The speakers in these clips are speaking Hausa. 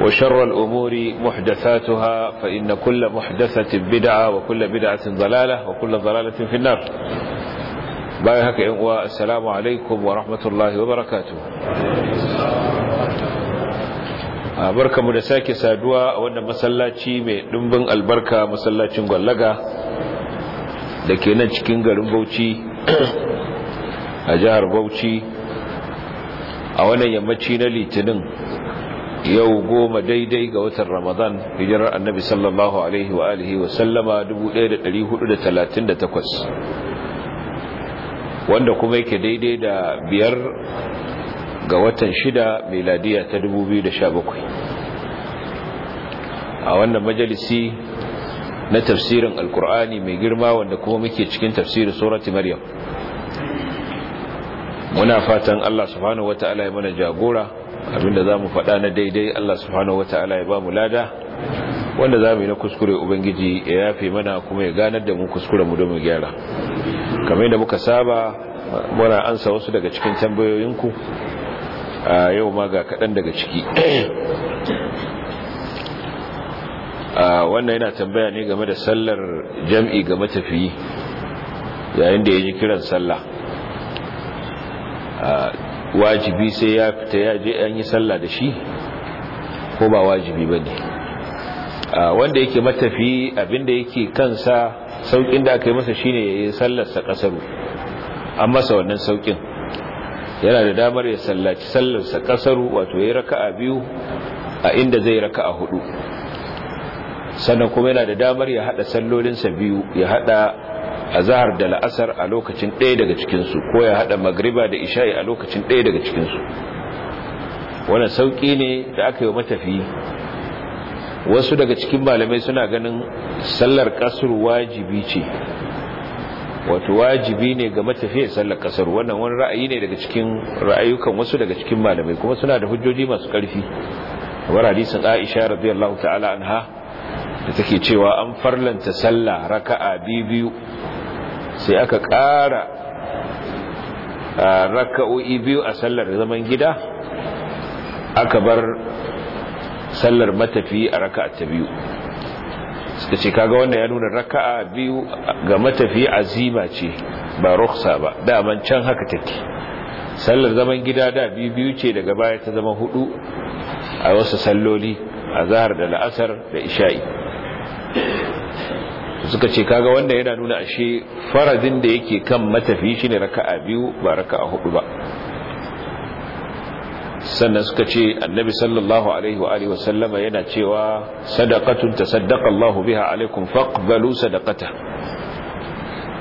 وشر الأمور محدثاتها فإن كل محدثة بدعة وكل بدعة ضلالة وكل ضلالة في النار بايهك والسلام عليكم ورحمة الله وبركاته barka mu da sake saduwa a wannan masallaci mai ɗumbin albarka masallacin gwallaga da ke nan cikin garin bauchi a jihar bauchi a wannan yammaci na litinin yau goma daidai ga watan ramadan hijirar annabi sallallahu alaihi wa alihi wa sallama 1438 wanda kuma yake daidai da biyar ga watan shida meladiya ta 2017 a wannan majalisi na tafsirin alkur'ani mai girma wanda kuma muke cikin tafsirin surati maryam muna fatan allah subhanahu ta'ala ya mana jagora abinda za mu faɗa na daidai Allah subhanahu wata'ala ya ba mu lada wanda za mu yi na kuskure ubangiji ya yafe mana kuma ya ganar da mu kuskure mu don mu gyara kamar yadda muka saba muna ansa wasu daga cikin tambayoyinku a yau ma ga kaɗan daga ciki wannan yana tambaya ne game da sallar jam'i ga matafiyi yayin da ya yi kiran sallah wajibi sai ya fita ya je an yi sallah da shi ko ba wajibi ba ne wanda yake matafi abinda yake kansa saukin da aka yi masa shine ya yi sallarsa kasaru an masa wannan saukin yana da damar ya sallaci sallarsa kasaru wato ya yi raka a biyu a inda zai raka a hudu sannan kuma yana da damar ya hada sallolinsa biyu ya hada azhar da la'asar a lokacin ɗaya daga cikinsu ko ya haɗa magriba da isha'i a lokacin ɗaya daga cikinsu wannan sauƙi ne da aka yi wa matafi wasu daga cikin malamai suna ganin sallar ƙasar wajibi ce wato wajibi ne ga matafiya sallar ƙasar wannan wani ra'ayi ne daga cikin ra'ayukan wasu daga cikin malamai kuma suna da hujjoji masu ƙarfi kamar hadisin aisha radiyallahu ta'ala anha da take cewa an farlanta sallah raka'a biyu sai aka ƙara raka'o'i biyu a sallar zaman gida aka bar sallar matafi a raka'a ta biyu suka ce kaga wanda ya nuna raka'a biyu ga matafi azima ce ba ruksa ba daman can haka take sallar zaman gida da biyu biyu ce daga baya ta zama hudu a wasu salloli a zahar da la'asar da isha'i suka ce kaga wanda yana nuna ashe faradin da yake kan matafi shine raka'a biyu ba raka'a hudu ba sannan suka ce annabi sallallahu alaihi wa alihi wasallama yana cewa sadaqatun tasaddaqa Allahu biha alaikum faqbalu sadaqata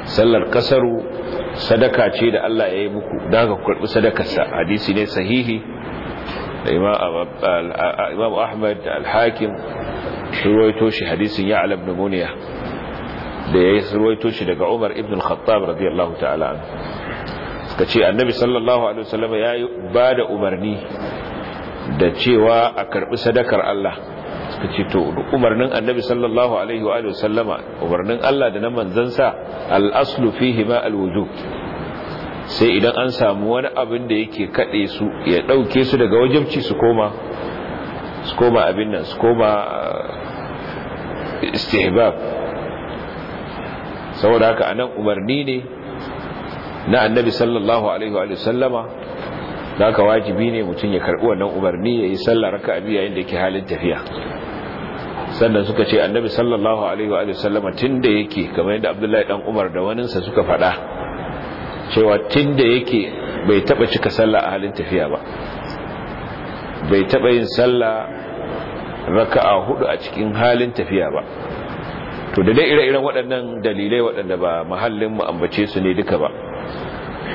sallar kasaru sadaka ce da Allah ya yi muku daga ka kurbi sadakarsa hadisi ne sahihi da Imam Ahmad al-Hakim shi ruwaito shi hadisin ya alam numuniya da ya yi surwaito shi daga Umar ibn al-Khattab radiyallahu ta'ala anhu suka ce annabi sallallahu alaihi wasallam ya ba da umarni da cewa a karbi sadakar Allah suka ce to umarnin annabi sallallahu alaihi wa umarnin Allah da na manzansa al-aslu fihi ma alwudu. sai idan an samu wani abin da yake kaɗe su ya ɗauke su daga wajabci su koma su koma abin nan su koma eh, istihbab saboda haka anan umarni ne na annabi sallallahu alaihi wa sallama haka wajibi ne mutum ya karbi wannan umarni ya yi sallah raka biyu yayin da yake halin tafiya sannan suka ce annabi sallallahu alaihi wa sallama tunda yake kamar yadda abdullahi dan umar da waninsa suka faɗa cewa tunda yake bai taba cika sallah a halin tafiya ba bai taba yin sallah raka'a hudu a cikin halin tafiya ba to da dai ire-iren waɗannan dalilai waɗanda ba mahallin mu ambace su ne duka ba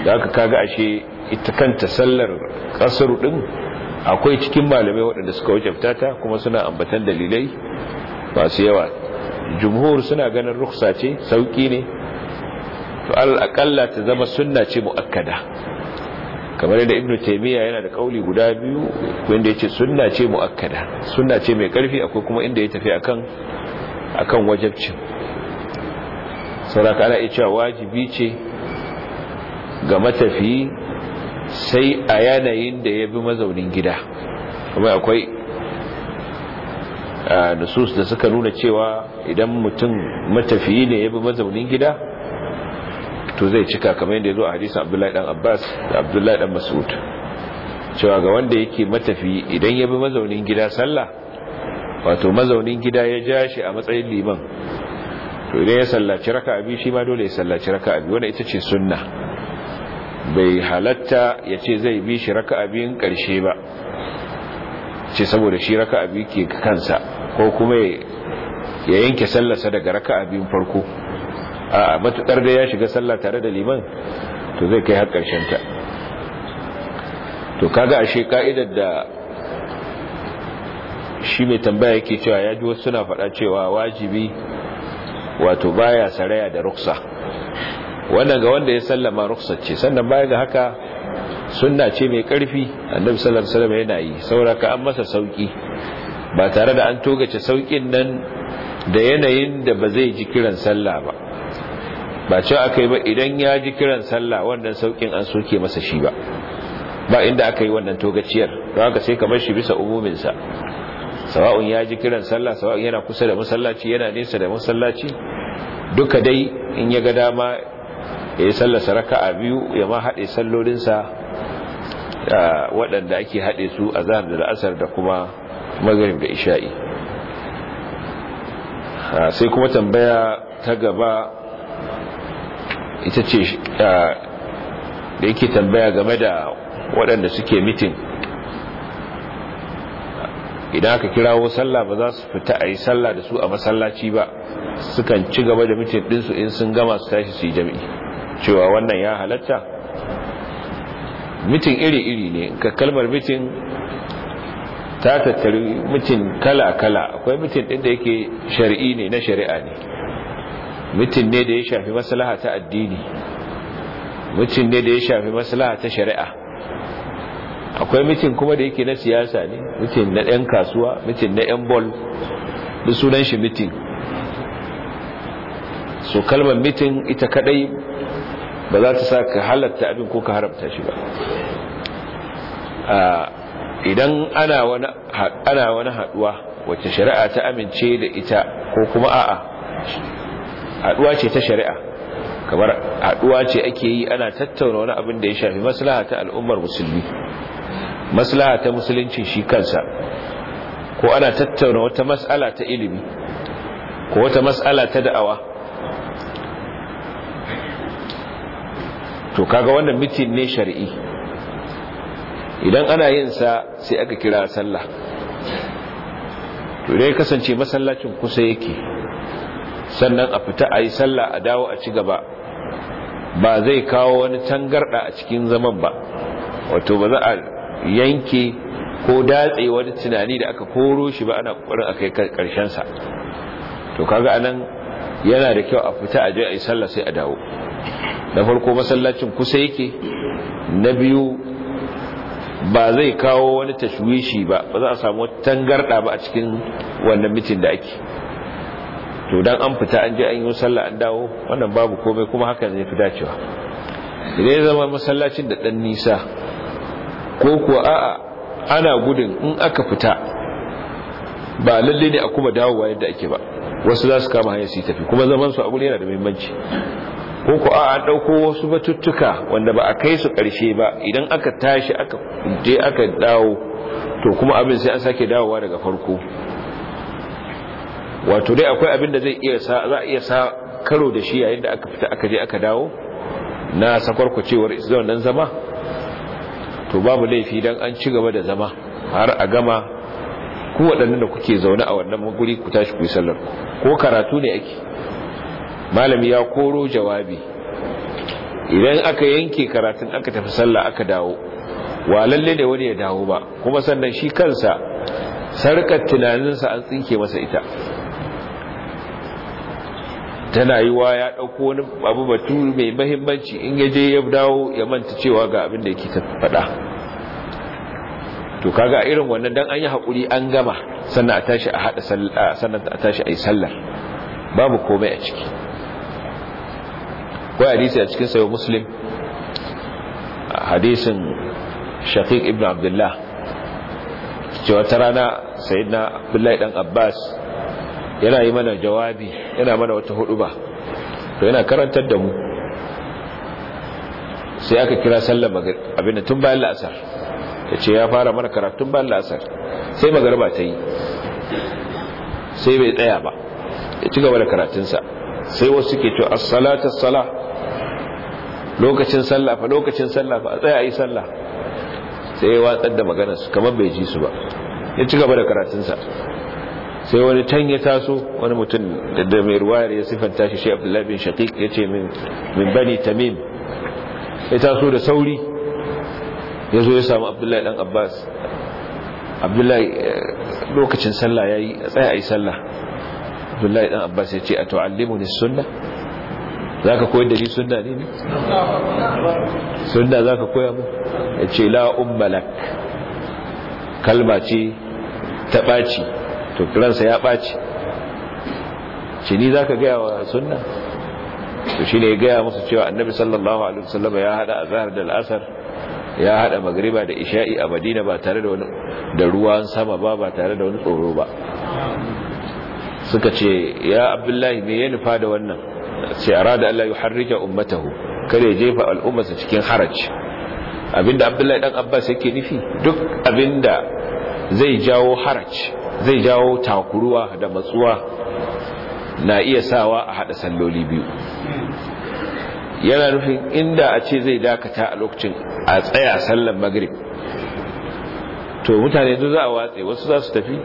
da aka kaga ashe ita kanta sallar kasar ɗin akwai cikin malamai waɗanda suka wuce ta kuma suna ambatan dalilai masu yawa jumhur suna ganin ruksa ce sauƙi ne to al'akalla ta zama sunna ce mu'akkada kamar yadda ibnu taymiya yana da kauli guda biyu wanda yace sunna ce mu'akkada sunna ce mai karfi akwai kuma inda ya tafi akan akan wajabcin sauraka ana iya cewa wajibi ce ga matafiyi sai a yanayin da ya bi mazaunin gida kuma akwai nusus da suka nuna cewa idan mutum matafiyi ne ya bi mazaunin gida to zai cika kamar yadda ya zo a hadisun abdullahi dan abbas da abdullahi dan mas'ud cewa ga wanda yake matafiyi idan ya bi mazaunin gida sallah wato mazaunin gida ya ja shi a matsayin liman to idan ya sallaci raka abi shi ma dole ya sallaci raka abi wanda ita ce sunna bai halatta ya ce zai bi shi raka abin karshe ba ce saboda shi raka abi ke kansa ko kuma ya yanke sallasa daga raka abin farko a matuƙar da ya shiga sallah tare da liman to zai kai har ta to kaga ashe ka'idar da shi mai tambaya yake cewa ya ji wasu suna faɗa cewa wajibi wato baya saraya da ruksa wannan ga wanda ya sallama ruksa ce sannan baya ga haka sunna ce mai ƙarfi annabi sallallahu alaihi wasallam yana yi sauraka an masa sauki ba tare da an togace saukin nan da yanayin da ba zai ji kiran sallah ba ba ce aka yi ba idan ya ji kiran sallah wannan saukin an soke masa shi ba ba inda aka yi wannan togaciyar don haka sai kamar shi bisa umuminsa sawa'un ya ji kiran sallah sawa'un yana kusa da masallaci yana nesa da masallaci duka dai in ya ga dama ya yi saraka a biyu ya ma haɗe sallolinsa waɗanda ake haɗe su a zahar da la'asar da kuma magarin da isha'i sai kuma tambaya ta gaba ita ce da yake tambaya game da waɗanda suke mitin idan aka kirawo sallah ba za su fita a yi sallah da su a masallaci ba sukan ci gaba da mutum ɗinsu in sun gama su tashi su yi jami'i cewa wannan ya halatta Mutum iri-iri ne ka kalmar mutum ta tattari mutum kala-kala akwai mutum ɗin da yake shari'i ne na shari'a ne mutum ne da ya shafi maslaha ta addini mutum ne da ya shafi maslaha ta shari'a akwai mitin kuma da yake na siyasa ne mitin na ɗan kasuwa mitin na ɗan bol da sunan shi mitin so kalmar mitin ita kadai ba za ta sa ka halatta abin ko ka haramta shi ba idan ana wani haduwa wacce shari'a ta amince da ita ko kuma a'a haduwa ce ta shari'a kamar haduwa ce ake yi ana tattauna wani abin da ya shafi maslaha ta al'ummar musulmi maslaha ta musulunci shi kansa ko ana tattauna wata mas'ala ta ilimi ko wata mas'ala ta da'awa to kaga wannan mitin ne shari'i idan ana yin sa sai aka kira sallah to dai kasance masallacin kusa yake sannan a fita a yi sallah a dawo a ci gaba ba zai kawo wani tangarda a cikin zaman ba wato ba za a yanke ko datse wani tunani da aka koro shi ba ana kokarin a kai karshen sa to kaga anan yana da kyau a fita a je a yi sallah sai a dawo da farko masallacin kusa yake na biyu ba zai kawo wani tashwishi ba ba za a samu tangarda ba a cikin wannan mitin da ake to dan an fita an je an yi sallah an dawo wannan babu komai kuma haka zai fi dacewa idan ya zama masallacin da dan nisa ko kuwa a'a ana gudun in aka fita ba lalle ne a kuma dawowa yadda ake ba wasu za su kama hanyar su tafi kuma zaman su a guri yana da muhimmanci ko ko a an dauko wasu batuttuka wanda ba a kai su karshe ba idan aka tashi aka je aka dawo to kuma abin sai an sake dawowa daga farko wato dai akwai abin da zai iya sa za iya sa karo da shi yayin da aka fita aka je aka dawo na sakwarkwacewar isa wannan zama to babu laifi dan an ci gaba da zama har a gama ku waɗannan da kuke zaune a wannan guri ku tashi ku yi sallar ko karatu ne ake malami ya koro jawabi idan aka yanke karatun aka tafi sallah aka dawo wa lalle ne wani ya dawo ba kuma sannan shi kansa sarkar tunaninsa an tsinke masa ita tana yi ya ɗauko wani abu batu mai mahimmanci in ya je ya dawo ya manta cewa ga abin da yake faɗa to kaga irin wannan dan an yi haƙuri an gama sannan a tashi a haɗa sannan a tashi a yi sallar babu komai a ciki kawai hadisi a cikin sayo muslim hadisin shafiq ibn abdullah cewa ta rana na abdullahi dan abbas yana yi mana jawabi yana mana wata ba to yana karantar da mu sai aka kira sallar abin da tun bayan la'asar ya ce ya fara mana karatun bayan la'asar sai magarba ta yi sai bai tsaya ba ya ci gaba da karatunsa sai wasu ke to as-salatu lokacin sallah fa lokacin sallah fa tsaya yi sallah sai ya watsar da maganarsu kamar bai ji su ba ya ci gaba da karatunsa sai wani can ya taso wani mutum da mai ruwayar ya siffanta shi shi abdullahi bin shaqiq ya ce min bani tamim ya taso da sauri ya zo ya samu abdullahi dan abbas abdullahi eh, lokacin sallah ya yi a tsaye a yi sallah abdullahi dan abbas ya ce a ta'allimu ne sunna za ka koyar da ni sunna ne ne sunna za ka koya mu ya ce la ummalak kalma ce ta ɓaci to ransa ya ɓaci ce ni za ka gaya wa sunna to shi ne ya gaya musu cewa annabi sallallahu alaihi wasallam ya hada a zahar da al'asar ya hada magriba da isha'i a madina ba tare da wani da ruwan sama ba ba tare da wani tsoro ba suka ce ya abdullahi me ya nufa da wannan sai arada Allah ya harrika ummatahu kada ya jefa al'ummarsa cikin haraj abinda abdullahi dan abbas yake nufi duk abinda zai jawo haraj zai jawo takuruwa da matsuwa na iya sawa a hada salloli biyu yana nufin inda a ce zai dakata a lokacin a tsaya sallan magrib to mutane duk za a watse wasu za su tafi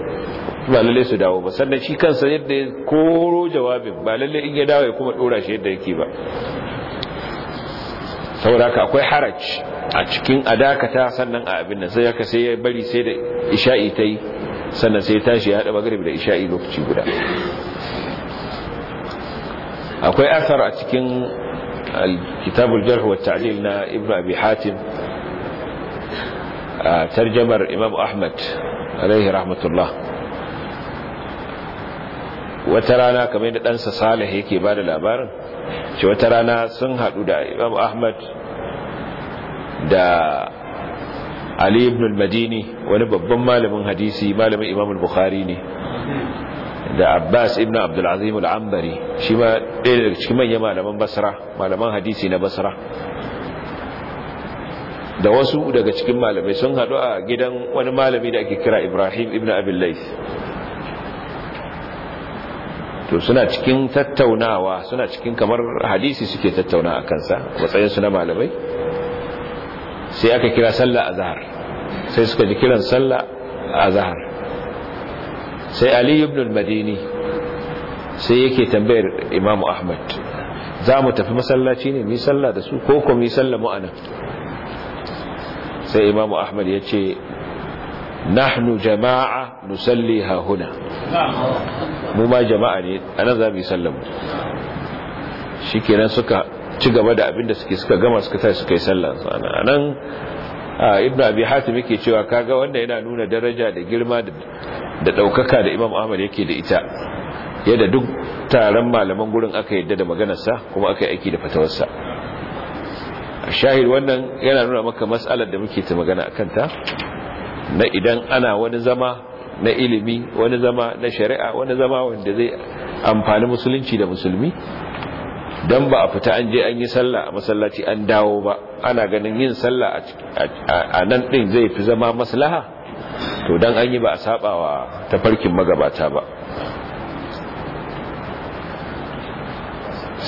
ba lalle su dawo ba sannan shi kansa yadda ya koro jawabin ba lalle in ya dawo ya kuma dora shi yadda yake ba saboda ka akwai haraj a cikin adakata sannan a abin nan sai ya sai ya bari sai da isha'i ta yi sannan sai tashi ya haɗa magrib da isha'i lokaci guda akwai asar a cikin kitabul jarh wa ta'dil na ibnu abi hatim tarjamar imam ahmad alaihi rahmatullah wata rana kamar da ɗansa salih yake bada labarin ce wata rana sun haɗu da imam ahmad da ali ibn al-madini wani babban malamin hadisi malamin imam al-bukhari ne da abbas ibn abdul azim al-ambari shi ma ɗaya daga cikin manyan malaman basra malaman hadisi na basra da wasu daga cikin malamai sun haɗu a gidan wani malami da ake kira ibrahim ibn abin laif to suna cikin tattaunawa suna cikin kamar hadisi suke tattauna a kansa matsayinsu na malamai sai aka kira sallah azhar sai suka ji kiran sallah azhar sai ali ibn al-madini sai yake tambayar imamu ahmad za mu tafi masallaci ne mu sallah da su ko ko mu sallah mu anan sai imamu ahmad ya ce nahnu jama'a nusalli ha huna mu ma jama'a ne anan za mu yi sallah shikenan suka ci gaba da abin da suke suka gama suka tashi suka yi sallah a nan ibn abi hatim yake cewa kaga wanda yana nuna daraja da girma da ɗaukaka da imam ahmad yake da ita yadda duk taron malaman gurin aka yadda da maganarsa kuma aka yi aiki da fatawarsa shahid wannan yana nuna maka matsalar da muke ta magana a kanta na idan ana wani zama na ilimi wani zama na shari'a wani zama wanda zai amfani musulunci da musulmi dan ba a fita an je an yi sallah a masallaci an dawo ba ana ganin yin sallah a nan din zai fi zama maslaha to dan an yi ba a sabawa farkin magabata ba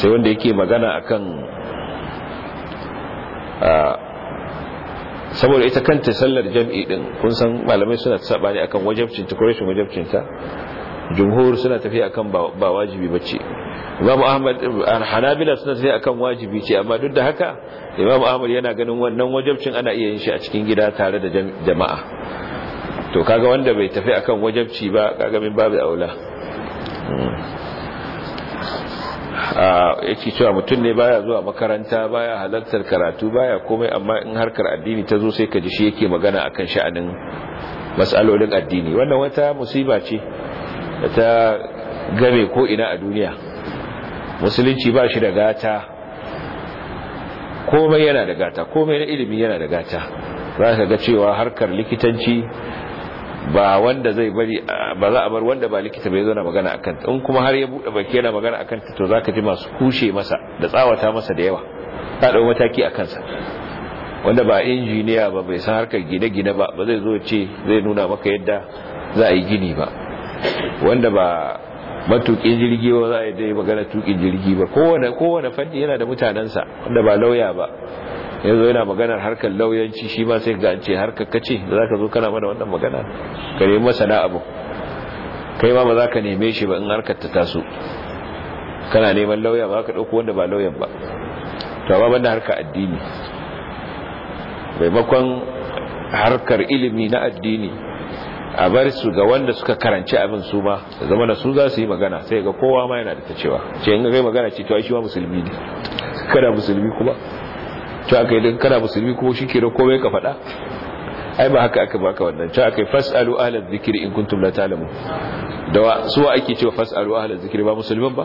sai wanda yake magana akan saboda ita kanta sallar jam'i din kun san malamai suna saba ne akan wajibcin ta wajibcin ta jumhur suna tafiya akan ba wajibi bace imamu ahmad hanabila suna tafiya akan wajibi ce amma duk da haka imam ahmad yana ganin wannan wajibcin ana iya yin shi a cikin gida tare da jama'a to kaga wanda bai tafi akan wajibci ba kaga min babu aula hmm. yake cewa mutum ne baya zuwa makaranta baya halartar karatu baya komai amma in harkar addini ta zo sai ka ji shi yake magana akan sha'anin mas'alolin addini wannan wata musiba ce da ta game ko ina a duniya musulunci ba shi da gata komai yana da gata komai na ilimi yana da gata za ka ga cewa harkar likitanci ba wanda zai bari ba za a bar wanda ba likita bai zauna magana akan ta in kuma har ya bude baki yana magana akan ta to za ka ji masu kushe masa da tsawata masa da yawa ta ɗau mataki a sa wanda ba injiniya ba bai san harkar gine-gine ba ba zai zo ce zai nuna maka yadda za a yi gini ba wanda ba matukin jirgi ba za a yi dai magana tukin jirgi ba kowane fadi yana da mutanensa wanda ba lauya ba yanzu yana maganar harkar lauyanci shi ba sai ga ce harkar kace da za ka zo kana mana wannan magana ka nemi masana abu kai ma ba za ka neme shi ba in harkar ta taso kana neman lauya ba ka ɗauko wanda ba lauyan ba to ba banda harkar addini maimakon harkar ilimi na addini a bar su ga wanda suka karanci abin su ma da zama da su za su yi magana sai ga kowa ma yana da ta cewa ce in ga magana ce to ai shi ma musulmi ne kada musulmi kuma to aka yi dan kada musulmi kuma shi ke da kome ka faɗa ai ba haka aka baka wannan to aka yi fasalu ahlal zikiri in kuntum la talamu da su ake cewa fas'alu ahli zikri ba musulman ba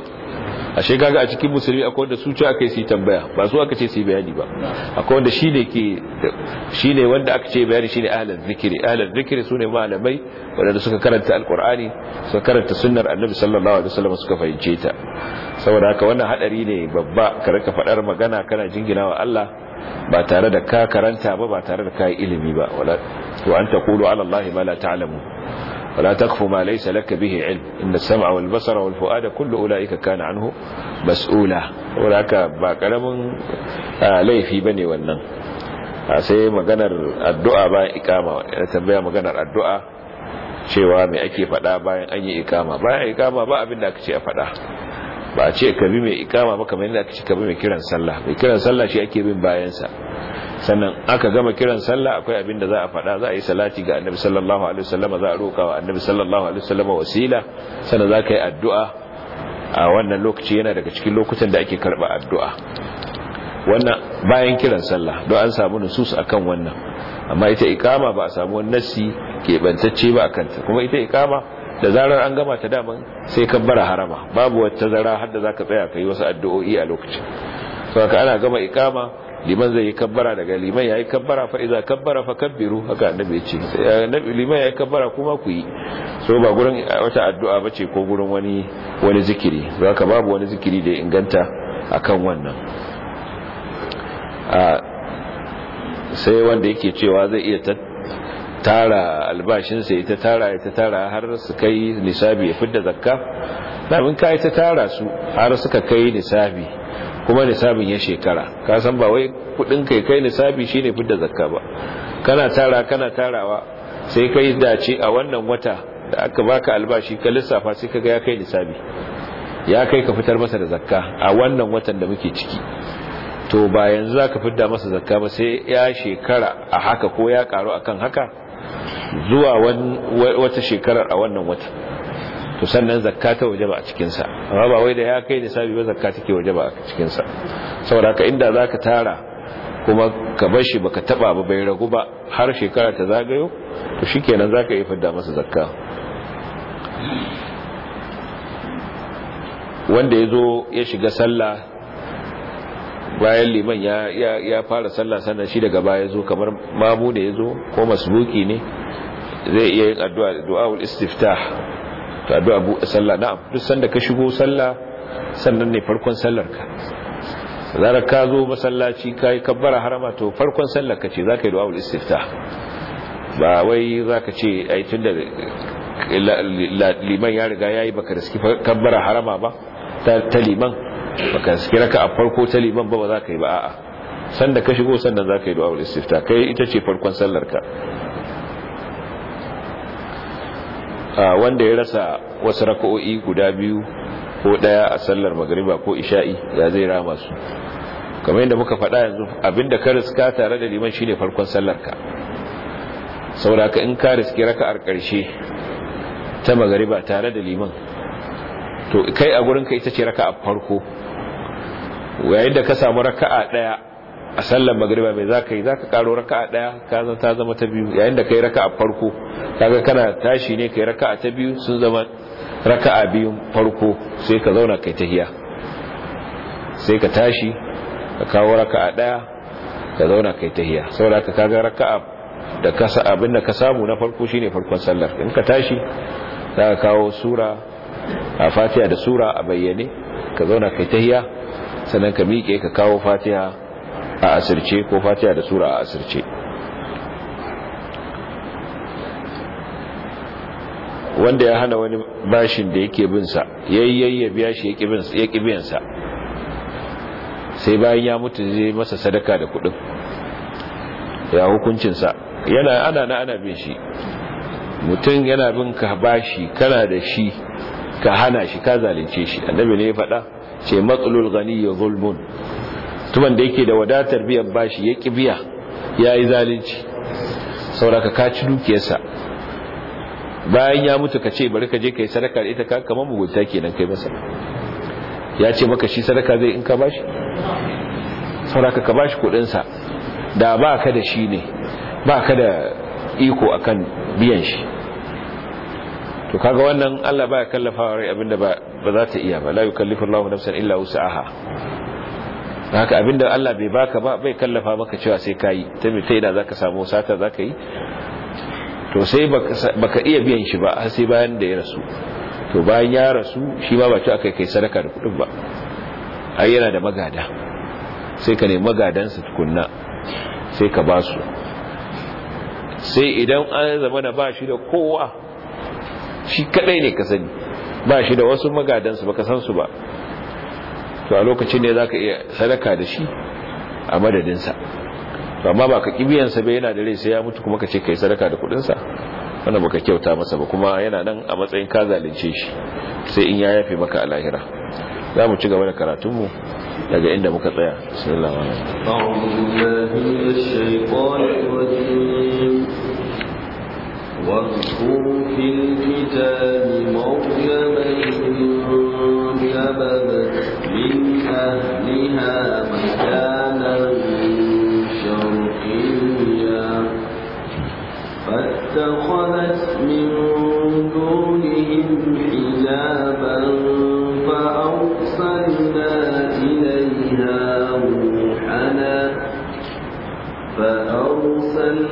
ashe kaga a cikin musulmi akwai wanda su ce akai su tambaya ba su aka ce su bayani ba akwai wanda shine ke shine wanda aka ce bayani shine ahli zikri ahli zikri sune malamai wanda suka karanta alqur'ani suka karanta sunnar annabi sallallahu alaihi wasallam suka fahince ta saboda haka wannan hadari ne babba ka rika fadar magana kana wa Allah ba tare da ka karanta ba ba tare da ka yi ilimi ba wala to an taqulu ala allahi ma la ta'lamu ولا تقف ما ليس لك به علم إن السمع والبصر والفؤاد كل أولئك كان عنه مسؤولا ولك باقلم لي في بني ونن sai maganar addu'a bayan ikama ya tambaya maganar addu'a cewa mai ake fada bayan an yi ikama bayan ikama ba abin da aka ce a fada ba a ce ka bi mai ikama ba kamar yadda aka ce ka bi mai kiran sallah mai kiran sallah shi ake bin bayansa sannan aka gama kiran sallah akwai abin da za a faɗa za a yi salati ga annabi sallallahu alaihi wasallam za a roƙa wa annabi sallallahu alaihi wasallam wasila sannan za ka yi addu'a a wannan lokaci yana daga cikin lokutan da ake karba addu'a wannan bayan kiran sallah don an samu nusus akan wannan amma ita ikama ba a samu wani nasi keɓantacce ba a kanta kuma ita ikama da zarar an gama ta daman sai ka bara harama babu wata zara har da ka tsaya ka yi wasu addu'o'i a lokacin ka ana gama ikama liman zai yi kabbara daga liman yi kabbara fa idza kabbara fa kabbiru haka annabi ya ce liman ya yi kabbara kuma ku yi so ba gurin wata addu'a ce ko gurin wani wani zikiri ka babu wani zikiri da inganta a kan wannan sai wanda yake cewa zai iya tara albashinsa ita tara ita tara har su kai nisabi ya fidda zakka damin ka ita tara su har suka kai nisabi kuma nisabin ya shekara ka san ba wai kudin kai kai nisabi shine fidda zakka ba kana tara kana tarawa sai kai dace a wannan wata da aka baka albashi ka lissafa sai kaga ya kai nisabi ya kai ka fitar masa da zakka a wannan watan da muke ciki to ba yanzu zaka fidda masa zakka ba sai ya shekara a haka ko ya karu akan haka zuwa wata shekarar a wannan wata to sannan zakka ta waje ba a cikinsa amma ba wai da ya kai nisabi ba zakka take waje ba a cikinsa saboda haka inda za ka tara kuma ka bar shi baka taba ba bai ragu ba har shekara ta zagayo to shi shikenan zaka yi fadda masa zakka wanda ya zo ya shiga sallah bayan liman ya fara sallah sannan shi daga baya zo kamar mamu ne zo ko masbuki ne zai iya yin addu'a du'aul istiftah to addu'a bu sallah na'am duk sanda ka shigo sallah sannan ne farkon sallar ka zara ka zo masallaci kai kabbara harama to farkon sallar ka ce zaka yi du'aul istiftah ba wai zaka ce ai tunda liman ya riga yayi baka riski kabbara harama ba ta liman baka saki raka a farko ta liman ba ba za ka yi ba a'a sanda ka shigo sannan za ka yi du'a'ul istifta kai ita ce farkon sallar ka wanda ya rasa wasu raka'o'i guda biyu ko daya a sallar magariba ko isha'i ya zai rama su kamar yadda muka faɗa yanzu abinda ka riska tare da liman shine farkon sallar ka saboda ka in ka riski raka'ar ƙarshe ta magariba tare da liman to kai a gurin ka ita ce a farko yayin da ka samu raka'a daya a sallar magriba mai zaka yi zaka karo raka'a daya ka zan ta zama ta biyu yayin da kai raka'a farko kaga kana tashi ne kai raka'a ta biyu sun zama raka'a biyu farko sai ka zauna kai tahiya sai ka tashi ka kawo raka'a daya ka zauna kai tahiya saboda ka kaga raka'a da ka abinda ka samu na farko shine farkon sallar in ka tashi zaka kawo sura a fatiha da sura a bayyane ka zauna kai tahiya sannan ka miƙe ka kawo fatiha a asirce ko fatiha da sura a asirce wanda ya hana wani bashin da yake binsa yayyayya biya shi ya sa. sai bayan ya mutu zai masa sadaka da kuɗin ya hukuncin sa yana ana na ana bin shi mutum yana bin ka bashi kana da shi ka hana shi ka zalunce shi annabi ne ya faɗa ce matsalul gani ya zulmun tuban da yake da wadatar biyan bashi ya ƙi biya ya yi zalunci sauraka ka ci dukiyarsa bayan ya mutu ka ce bari ka je ka yi sadaka da ita ka kamar mugunta kenan kai masa ya ce maka shi sadaka zai in ka bashi sauraka ka bashi kudinsa da ba ka da shi ne ba ka da iko akan biyan shi to kaga wannan Allah baya kallafa rai abinda ba za ta iya ba la yukallifu Allahu nafsan illa wus'aha haka abinda Allah bai baka ba bai kallafa maka cewa sai kai ta me ta ida zaka samu sata zaka yi to sai baka iya biyan shi ba har sai bayan da ya rasu to bayan ya rasu shi ba ba ta akai kai sadaka da kudin ba ai yana da magada sai ka nemi magadansa tukunna sai ka ba su sai idan an zama na ba shi da kowa shi kadai ne ka sani ba shi da wasu magadansu ba ka san su ba to a lokacin ne za ka iya sadaka da shi a madadinsa to amma ba ka sa bai yana da rai sai ya mutu kuma ka ce ka yi sadaka da kudinsa wanda baka kyauta masa ba kuma yana nan a matsayin ka zalunce shi sai in ya yafe maka a lahira za mu ci gaba da karatunmu daga inda muka tsaya sallallahu واذكر في الكتاب مريم انتبذت من أهلها مكانا شرقيا فاتخذت من دونهم حجابا فأرسلنا إليها روحنا فأرسلنا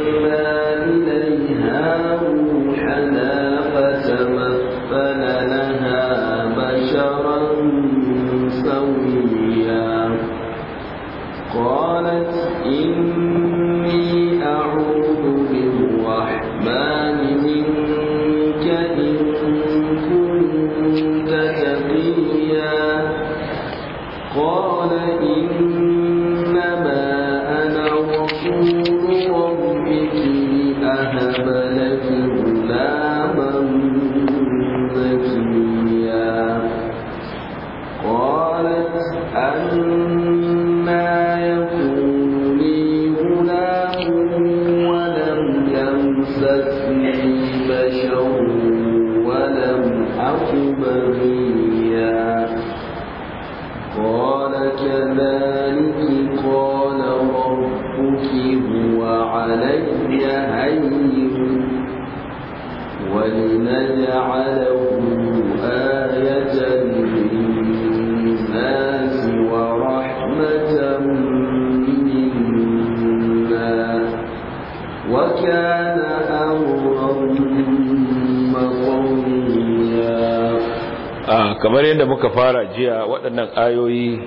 muka fara jiya waɗannan ayoyi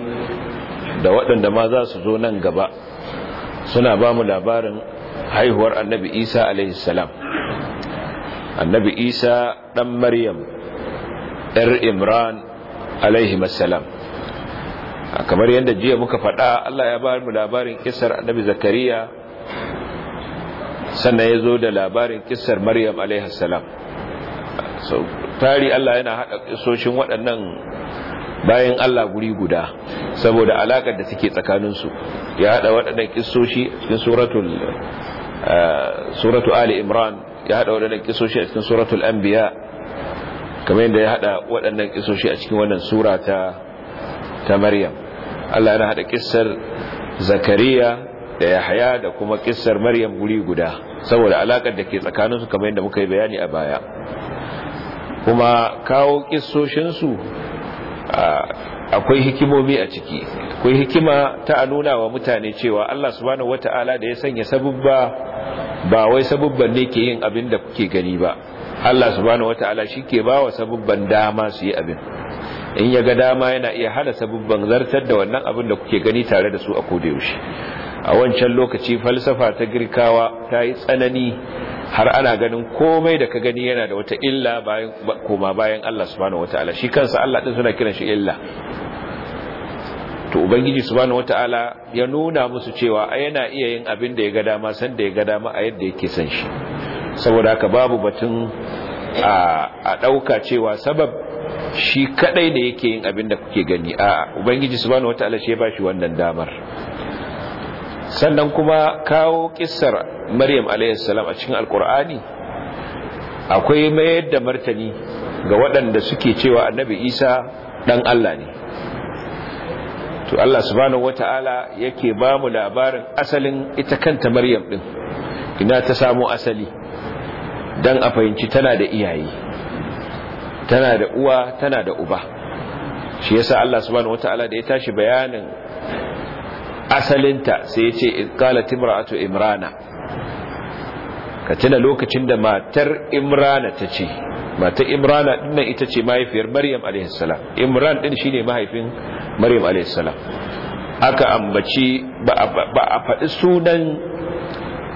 da waɗanda ma za su zo nan gaba suna ba mu labarin haihuwar annabi isa alaihissalam annabi isa ɗan maryam ‘yar imran alaihimassalam kamar yadda jiya muka faɗa allah ya ba mu labarin kisar annabi zakariya sannan ya zo da labarin kisar maryam alaihissalam so tari Allah yana haɗa kisoshin waɗannan bayan Allah guri guda saboda alakar da suke tsakaninsu ya haɗa waɗannan kisoshi cikin eh, suratu Ali Imran ya haɗa waɗannan kisoshi a cikin suratul Anbiya kamar yadda ya haɗa waɗannan kisoshi a cikin wannan sura ta Maryam Allah yana haɗa kissar Zakariya da Yahaya da kuma kissar Maryam guri guda saboda alakar da ke tsakaninsu kamar yadda muka yi bayani a baya kuma kawo su akwai hikimomi a ciki akwai hikima ta a nuna wa mutane cewa Allah subhanahu wata'ala da ya sanya sabubba ba wai sabubban ne ke yin abin da kuke gani ba Allah subhanahu wata'ala shi ke ba wa sabubban dama su yi abin in ya ga dama yana iya hana sabubban zartar da wannan abin da kuke gani tare da su a kodayaushe. a wancan lokaci falsafa ta girkawa ta yi tsanani har ana ganin komai da ka gani yana da wata illa bayan koma bayan Allah subhanahu wataala shi kansa Allah din suna kiran shi illa to ubangiji subhanahu wataala ya nuna musu cewa yana iya yin abin da ya ga dama san da ya ga dama a yadda yake san shi saboda haka babu batun a ɗauka cewa sabab shi kadai da yake yin abin da kuke gani a ubangiji subhanahu wataala shi ya bashi wannan damar sannan kuma kawo kissar maryam alaihissalam a cikin alkur'ani akwai mayar da martani ga waɗanda suke cewa annabi isa ɗan allah ne to allah subhanahu wata'ala yake ba mu labarin asalin ita kanta maryam ɗin ina ta samo asali don a fahimci tana da iyaye tana da uwa tana da uba shi yasa Allah subhanahu wataala da ya tashi bayanin asalinta sai ya ce ƙala timra'atu imrana ka tuna lokacin da matar imrana ta ce matar imrana nan ita ce mahaifiyar maryam alaihissalam imran din shine mahaifin maryam alaihissalam aka ambaci ba a faɗi sunan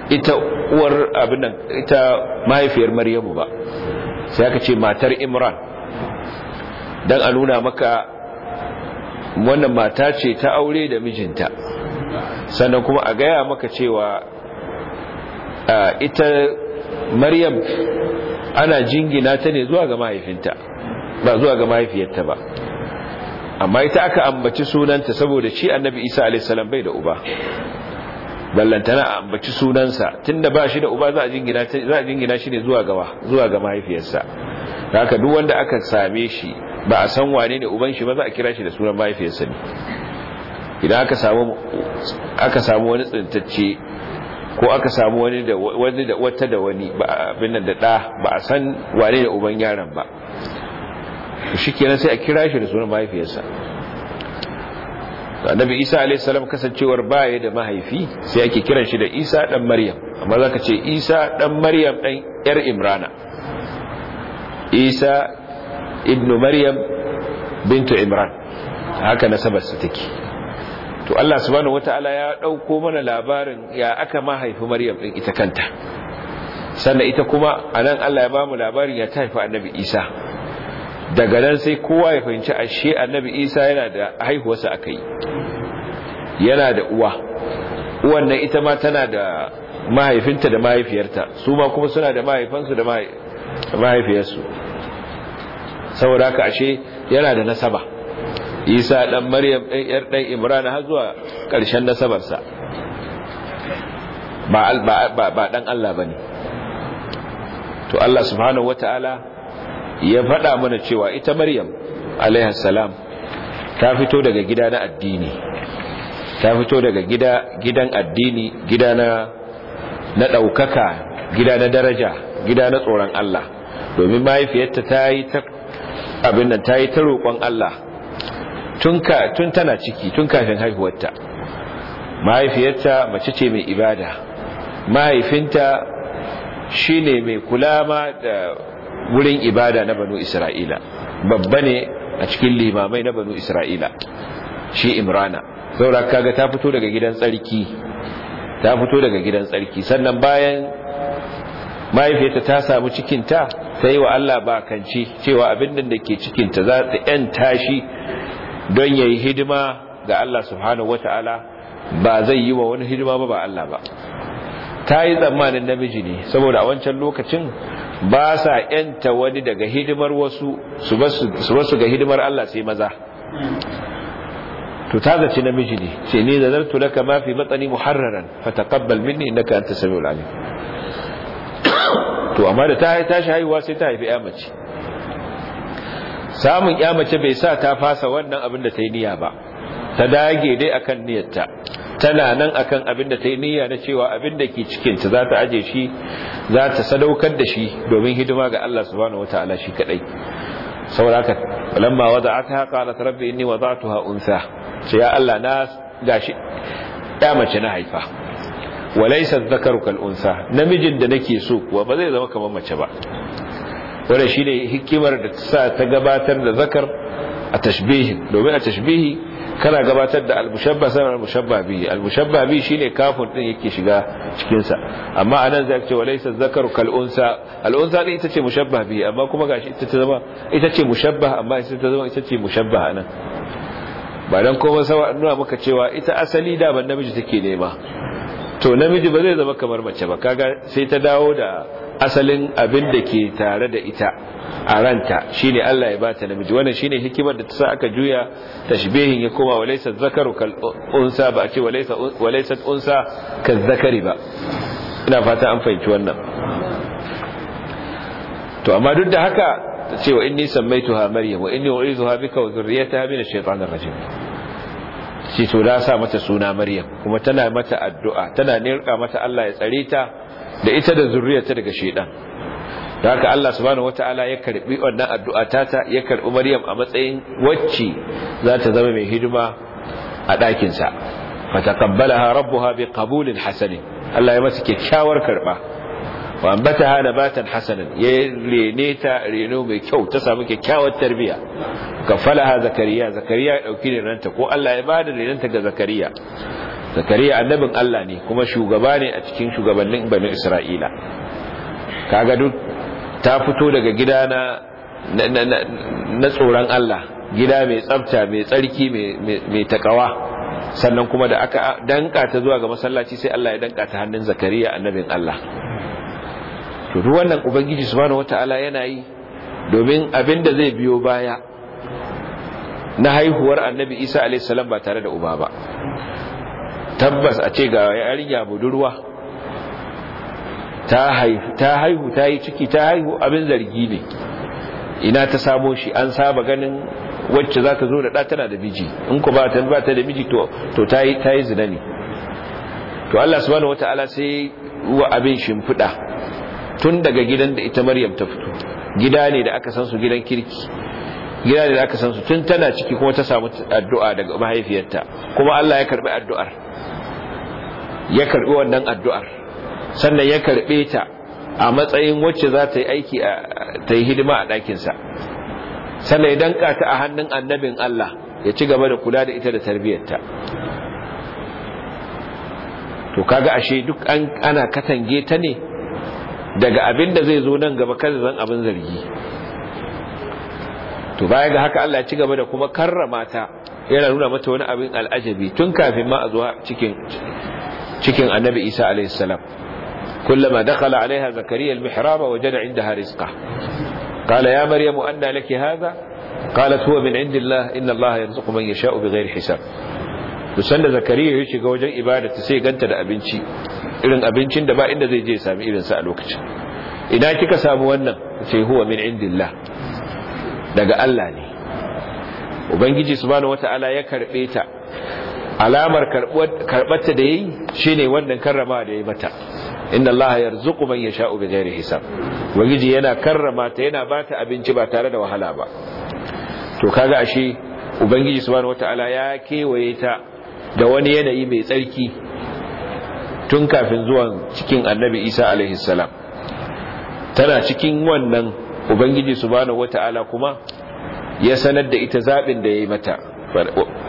ita uwar abin nan ita mahaifiyar maryamu ba sai aka ce matar imran don a nuna maka wannan mata ce ta aure da mijinta sannan kuma a gaya maka cewa ita maryam ana jingina ta ne zuwa ga mahaifinta ba zuwa ga mahaifiyarta ba amma ita aka ambaci sunanta saboda shi annabi isa alaihissalam bai da uba ballantana a ambaci sunansa tunda ba shi da uba za a jingina shi ne zuwa ga mahaifiyarsa da haka duk wanda aka same shi ba a san wane ne uban shi ba za a kira shi da sunan mahaifiyarsa ne idan aka samu aka samu wani tsintacce ko aka samu wani da wani da wata da wani ba abin nan da da ba a san wane da uban yaran ba shikenan sai a kira shi da sunan mahaifiyarsa annabi isa alayhi salam kasancewar baya da mahaifi sai ake kiran shi da isa dan maryam amma zaka ce isa dan maryam dan yar imrana isa ibnu maryam bintu imran haka nasabarsa take to Allah subhanahu wataala ya dauko mana labarin ya aka ma haifi Maryam din ita kanta sannan ita kuma anan Allah ya ba mu labarin ya ta haifi Annabi Isa daga nan sai kowa ya fahimci ashe Annabi Isa yana da haihuwarsa akai yana da uwa uwan nan ita ma tana da mahaifinta da mahaifiyarta su ma kuma suna da mahaifansu da mahaifiyarsu saboda haka ashe yana da nasaba isa dan maryam dan yar dan imran har zuwa karshen nasabarsa ba ba ba dan Allah bane to Allah subhanahu wataala ya faɗa mana cewa ita maryam alaiha salam ta fito daga gida na addini ta fito daga gida gidan addini gida na na daukaka gida na daraja gida na tsoron Allah domin mahaifiyarta ta yi ta abin nan ta yi ta roƙon Allah tun tana ciki tun kafin haihuwarta mahaifiyarta mace ce mai ibada mahaifinta shi mai kula ma da wurin ibada na banu isra'ila babba ne a cikin limamai na banu isra'ila shi imrana saura kaga ta fito daga gidan tsarki ta fito daga gidan tsarki sannan bayan mahaifiyarta ta samu cikinta ta yi wa Allah bakance cewa abin da ke cikinta za ta ‘yan tashi don ya yi hidima ga Allah subhanahu wata'ala ba zai yi wa wani hidima ba ba Allah ba ta yi tsammanin namiji ne saboda a wancan lokacin ba sa yanta wani daga hidimar wasu su basu ga hidimar Allah sai maza to ta zaci namiji ne ce ni da zartu laka ma fi matsani muharraran fa taqabbal minni innaka anta samiul alim to amma da ta tashi haihuwa sai ta haifi ya mace samun ya mace bai sa ta fasa wannan abin da ta yi niyya ba ta dage dai akan niyyarta tana nan akan abin da ta yi niyya na cewa abin da ke cikinta za ta aje shi za ta sadaukar da shi domin hidima ga Allah subhanahu wataala shi kadai saboda haka lamma wada'ataha qalat rabbi inni wada'tuha unsa sai ya Allah na gashi ya mace na haifa walaysa dhakaruka kal unsa namijin da nake so kuwa ba zai zama kamar mace ba wanda shi ne hikimar da sa ta gabatar da zakar a tashbihi domin a tashbihi kana gabatar da al-mushabba sanar al-mushabba bi al-mushabba bi shine kafin din yake shiga cikin sa amma anan zai ce walaysa zakaru kal unsa al-unsa ita ce mushabba bi amma kuma gashi ita ta zama ita ce mushabba amma ita ta zama ita ce mushabba anan ba dan kuma sawa nuna maka cewa ita asali da ban namiji take nema to namiji ba zai zama kamar mace ba kaga sai ta dawo da asalin abin da ke tare da ita a ranta shine Allah ya ba ta namiji wannan shine hikimar da ta sa aka juya tashbihin ya koma walaysa zakaru kal unsa ba a ce walaysa unsa ka zakari ba ina fata an fahimci wannan to amma duk da haka ce wa inni sammaituha maryam wa inni u'izuha bika wa dhurriyyataha min ash-shaytanir rajim shi to da sa mata suna maryam kuma tana mata addu'a tana nirka mata Allah ya tsare ta da ita da zuriyarta daga shedan da haka Allah subhanahu wataala ya karbi wannan addu'a ta ya karbi Maryam a matsayin wacce za ta zama mai hidima a ɗakin sa fataqabbalaha rabbuha biqabulin Hassanin. Allah ya masa kyakkyawar karba wa ambataha nabatan hasanan ya rene ta reno mai kyau ta samu kyakkyawar tarbiya kafalaha zakariya zakariya ya dauki renanta ko Allah ya bada renanta ga zakariya zakariya annabin Allah ne kuma shugaba ne a cikin shugabannin bani isra'ila kaga duk ta fito daga gida na na tsoron Allah gida mai tsafta mai tsarki mai takawa sannan kuma da aka danka ta zuwa ga masallaci sai Allah ya danka ta hannun zakariya annabin Allah to duk wannan ubangiji subhanahu wataala yana yi domin abin da zai biyo baya na haihuwar annabi isa salam ba tare da uba ba tabbas a ce ga yarinya budurwa ta haihu ta yi ciki ta haihu abin zargi ne ina ta samo shi an saba ganin wacce za ka zo da ɗa tana da miji in ku ba ta ba ta da miji to ta yi zina ne to Allah subhanahu wataala sai wa abin shimfiɗa tun daga gidan da ita Maryam ta fito gida ne da aka san su gidan kirki gida da aka san su tun tana ciki kuma ta samu addu'a daga mahaifiyarta kuma Allah ya karbi addu'ar ya karbi wannan addu'ar sannan ya karbe ta a matsayin wacce za ta yi aiki ta yi hidima a ɗakinsa sannan idan ka ta a hannun annabin Allah ya ci gaba da kula da ita da tarbiyyarta to kaga ashe duk ana katange ta ne daga abin da zai zo nan gaba kada zan abin zargi to baya ga haka Allah ya ci gaba da kuma karrama ta yana nuna mata wani abin al'ajabi tun kafin ma a zuwa cikin cikin annabi Isa alaihi salam kullama dakhala alaiha zakariya al-mihrab wajada indaha rizqa qala ya maryamu anna laki hadha qalat huwa min indillah inna Allah yarzuqu man yasha'u bighairi hisab kusan da zakariya ya shiga wajen ibada sai ganta da abinci irin abincin da ba inda zai je sami irin sa a lokacin ina kika samu wannan sai huwa min indillah daga Allah ne ubangiji subhanahu wata'ala ya karbe ta alamar karɓarta da yayi shine wannan karrama da yayi mata inna Allah yarzuqu man yasha'u bighairi hisab ubangiji yana karrama ta yana bata abinci ba tare da wahala ba to kaga ashe ubangiji subhanahu wata'ala ya kewaye ta da wani yanayi mai tsarki tun kafin zuwan cikin annabi Isa alaihi salam tana cikin wannan ubangiji subhanahu wata'ala kuma ya sanar da ita zabin da yayi mata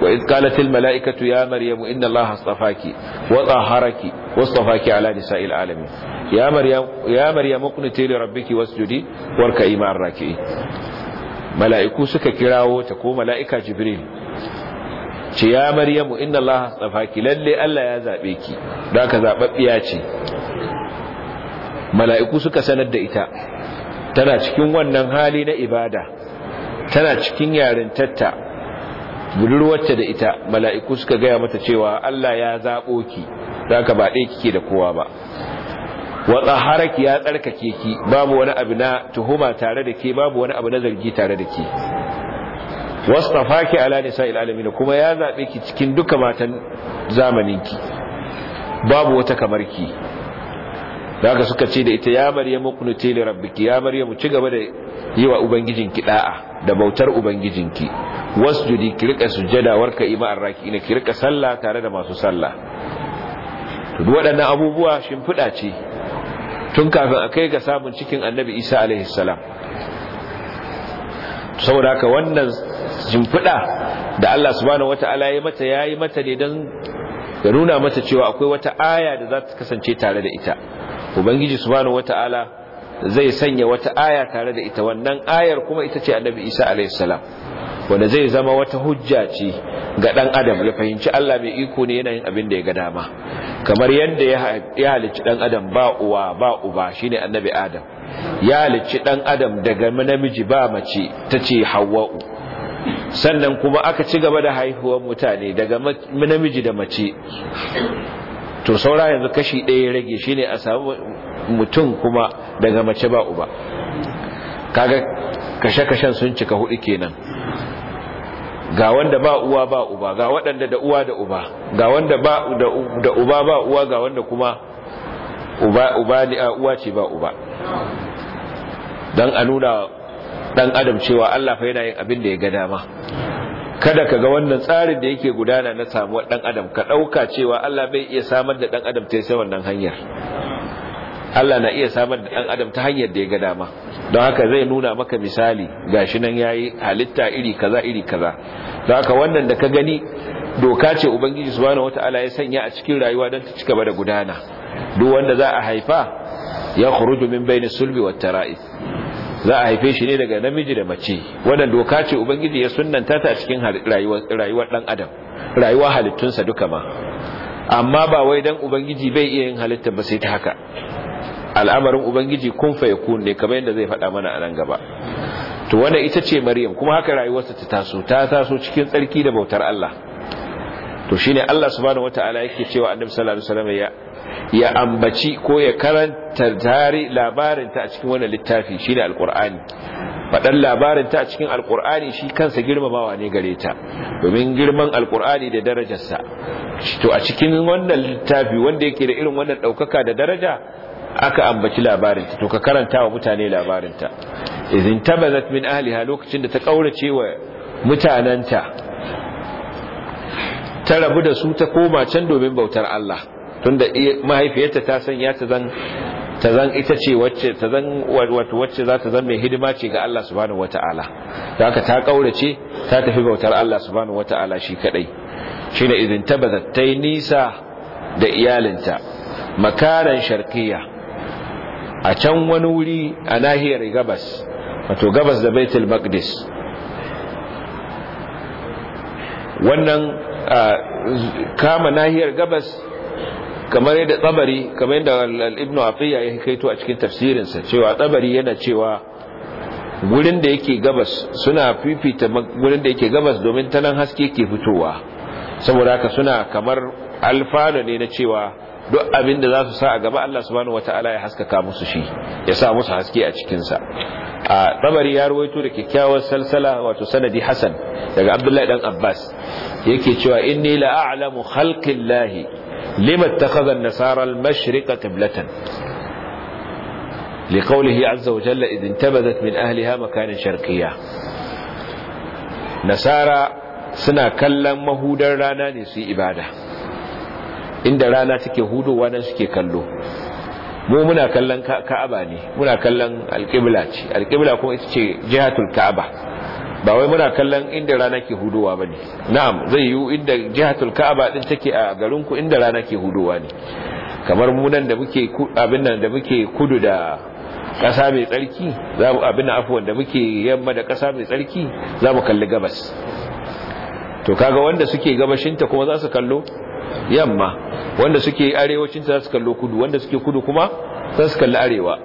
wa id qalatil malaikatu ya maryamu inna allaha astafaki wa tahharaki wastafaki ala nisa'il alamin ya maryam ya maryam uqniti li rabbiki wasjudi warka'i ma'ar raki'in mala'iku suka kirawo ta ko mala'ika jibril ce ya maryamu inna allaha astafaki lalle allah ya zabe ki da ka zababbiya ce mala'iku suka sanar da ita tana cikin wannan hali na ibada tana cikin tatta budurwarta da ita mala'iku suka gaya mata cewa Allah ya zaɓo ki za ka ba ɗaya kike da kowa ba wata haraki ya tsarkake ki babu wani abu na tuhuma tare da ke babu wani abu na zargi tare da ke Wasu wastafaki ala nisa'il da kuma ya zaɓe ki cikin duka matan zamaninki babu wata kamar ki da haka suka ce da ita ya maryamu qunuti li rabbiki ya maryamu ci gaba da yi wa ubangijinki da'a da bautar ubangijinki wasjudi ki rika sujada warka ima arraki ina ki rika sallah tare da masu sallah to waɗannan abubuwa shimfiɗa ce tun kafin akai ga samun cikin annabi isa alaihi salam saboda haka wannan shimfiɗa da Allah subhanahu wataala ya mata yayi mata ne dan ya nuna mata cewa akwai wata aya da za ta kasance tare da ita ubangiji subhanahu wata'ala zai sanya wata aya tare da ita wannan ayar kuma ita ce annabi isa alayhi salam wanda zai zama wata hujja ce ga dan adam ya fahimci Allah mai iko ne yana yin abin da ya ga dama kamar yadda ya halicci dan adam ba uwa ba uba shine annabi adam ya halicci dan adam daga namiji ba mace tace hawwa'u sannan kuma aka ci gaba da haihuwar mutane daga namiji da mace to saura yanzu kashi ɗaya ya rage ne a samu mutum kuma daga mace ba uba kaga kashe-kashen sun cika hudu kenan ga wanda ba uwa ba uba ga waɗanda da uwa da uba ga wanda ba da uba ba uwa ga wanda kuma uba ne a uwa ce ba uba Don a nuna dan adam cewa Allah fa yana yin abin da ya ga dama kada ka ga wannan tsarin da yake gudana na samuwar dan adam ka ɗauka cewa Allah bai iya samar da dan adam ta sai wannan hanyar Allah na iya samar da ɗan adam ta hanyar da ya ga dama don haka zai nuna maka misali gashi nan yayi halitta iri kaza iri kaza don haka wannan da ka gani doka ce ubangiji subhanahu wataala ya sanya a cikin rayuwa don ta gaba da gudana duk wanda za a haifa ya khuruju min bayni sulbi wat tara'is za a haife shi ne daga namiji da mace wannan doka ce ubangiji ya sunnanta ta a cikin rayuwar dan adam rayuwar halittunsa duka ma amma ba wai dan ubangiji bai iya yin halitta ba sai ta haka al'amarin ubangiji kun fa yakun ne kamar yadda zai faɗa mana a nan gaba to wannan ita ce maryam kuma haka rayuwarsa ta taso ta taso cikin tsarki da bautar Allah to shine Allah subhanahu wataala yake cewa annabi sallallahu alaihi wasallam ya ambaci ko ya karanta tare labarin ta a cikin wannan littafi shine alqur'ani faɗan labarin ta a cikin alkur'ani shi kansa girmamawa ne gare ta domin girman alkur'ani da darajarsa to a cikin wannan littafi wanda yake da irin wannan ɗaukaka da daraja aka ambaci labarinta to ka karanta wa mutane labarinta izin tabazat min ahliha lokacin da ta kaurace wa mutananta ta rabu da su ta koma can domin bautar Allah tunda mahaifiyarta ta sanya ta ta zan ita ce wacce ta za ta zan mai hidima ce ga Allah subhanahu wataala da haka ta kaurace ta tafi bautar Allah subhanahu wataala shi kadai shine idan tabadat tai nisa da iyalinta makaran Sharkiya a can wani wuri a nahiyar gabas wato gabas da Baitul Maqdis wannan kama nahiyar gabas kamar yadda tsabari kamar yadda ibnu afiya ya kaito a cikin tafsirinsa cewa tsabari yana cewa gurin da yake gabas suna fifita wurin da yake gabas domin ta nan haske ke fitowa saboda haka suna kamar alfano ne na cewa duk abin da za su sa a gaba Allah subhanahu wata'ala ya haskaka musu shi ya sa musu haske a cikinsa a tabari ya ruwaito da kyakkyawar salsala wato sanadi hasan daga abdullahi dan abbas yake cewa inni la a'lamu khalqillahi lima ittakhadha an-nasara al-mashriqa qiblatan liqawlihi azza wa jalla idh intabadat min ahliha makanan sharqiyya nasara suna kallon mahudan rana ne su ibada inda rana suke hudowa nan suke kallo mu muna kallon ka'aba ne muna kallon alƙibla ce alƙibla kuma ita ce jihatul ka'aba ba wai muna kallon inda rana ke hudowa ba ne na'am zai yiwu inda jihatul ka'aba din take a garinku inda rana ke hudowa ne kamar mu nan da muke abin nan da muke kudu da ƙasa mai tsarki za mu abin afuwan da muke yamma da ƙasa mai tsarki za mu kalli gabas to kaga wanda suke gabashinta kuma za su kallo yamma wanda suke arewacin ta su kallo kudu wanda suke kudu kuma za su kalli arewa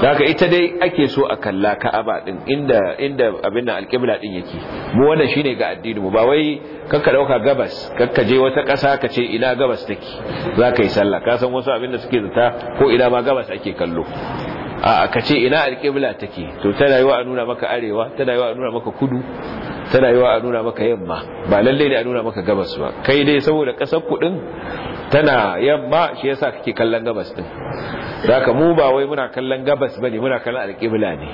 haka ita dai ake so a kalla ka'aba din inda inda abin nan alqibla din yake mu wannan shine ga addini mu ba wai kakka dauka gabas kakka je wata kasa ka ce ina gabas take zaka yi sallah ka san wasu abin da suke zata ko ina ma gabas ake kallo a ka ce ina alƙibla take to ta rayuwa a nuna maka arewa ta rayuwa a nuna maka kudu tana yiwa a nuna maka yamma ba lalle ne a nuna maka gabas ba kai dai saboda kasar kudin tana yamma shi yasa kake kallon gabas din zaka mu ba wai muna kallon gabas bane muna kallon alƙibla ne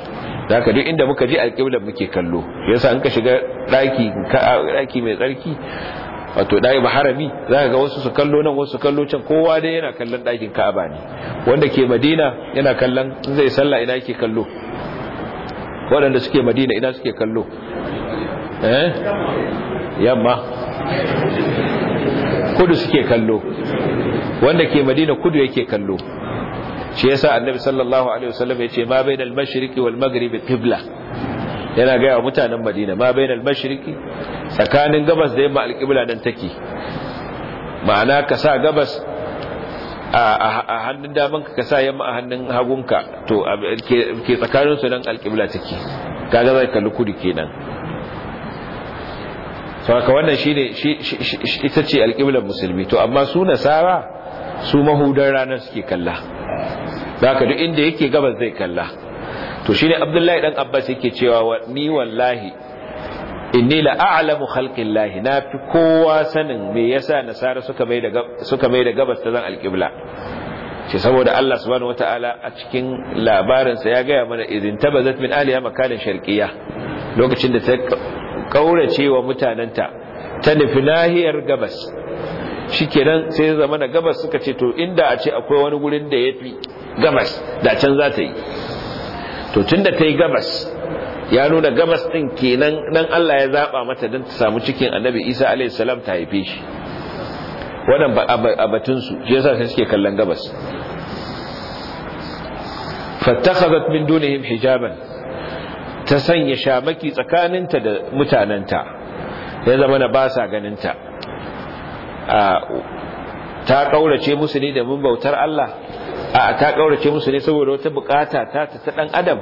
zaka duk inda muka je alƙibla muke kallo yasa in ka shiga daki daki mai tsarki wato dai maharami zaka ga wasu su kallo nan wasu kallo can kowa dai yana kallon dakin Ka'aba ne wanda ke Madina yana kallon zai sallah ina yake kallo waɗanda suke Madina ina suke kallo eh yamma kudu suke kallo wanda ke madina kudu yake kallo shi yasa annabi sallallahu alaihi wasallam yace ma bainal mashriqi wal maghribi qibla yana ga wa mutanen madina ma bainal mashriqi tsakanin gabas da yamma alqibla dan take ma'ana ka sa gabas a hannun daman ka sa yamma a hannun hagunka to ke tsakanin su nan alqibla take kaga zai kalli kudu kenan saka wannan shine ita ce alƙiblar musulmi to amma su nasara su mahudan ranar suke kalla zaka duk inda yake gabas zai kalla to shine abdullahi dan abbas yake cewa ni wallahi inni la a'lamu khalqillahi na fi kowa sanin me yasa nasara suka mai da gabas ta zan alqibla ce saboda Allah subhanahu wataala a cikin labarinsa ya gaya mana izin tabazat min aliya makanin sharqiyya lokacin da ta kaurace wa mutananta ta nufi nahiyar gabas shikenan sai ya zama na gabas suka ce to inda a ce akwai wani gurin da ya fi gabas da can za ta yi to tun da ta yi gabas ya nuna gabas ɗin kenan nan Allah ya zaɓa mata don ta samu cikin annabi isa a.s. ta haife shi wadan a batunsu shi yasa sai suke kallon gabas fattakazat min dunihim hijaban ta sanya shamaki tsakaninta da mutanenta ya zama na ba sa ganinta ta kaurace musu ne da bautar Allah a ta kaurace musu ne saboda wata bukata ta ta dan adam